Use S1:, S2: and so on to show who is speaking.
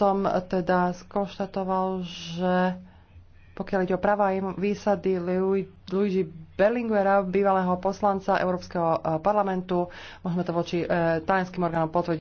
S1: som teda skonštatoval, že pokiaľ ide o práva výsady Luigi Berlinguera, bývalého poslanca Európskeho eh, parlamentu, môžeme to voči e, talianským orgánom potvrdiť.